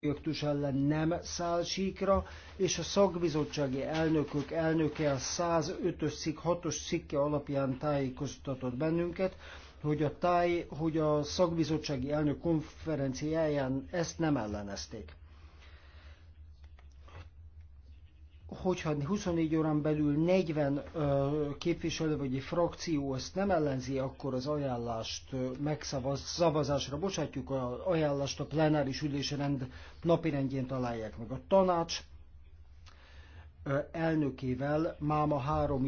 projektus ellen nem száll síkra, és a szakbizottsági elnökök elnöke a 105-ös cikk 6-os cikke alapján tájékoztatott bennünket, hogy a, táj, hogy a szakbizottsági elnök konferenciáján ezt nem ellenezték. hogyha 24 órán belül 40 képviselő vagy egy frakció ezt nem ellenzi, akkor az ajánlást megszavazásra bocsátjuk, az ajánlást a plenáris napi rendjén találják meg. A tanács elnökével máma három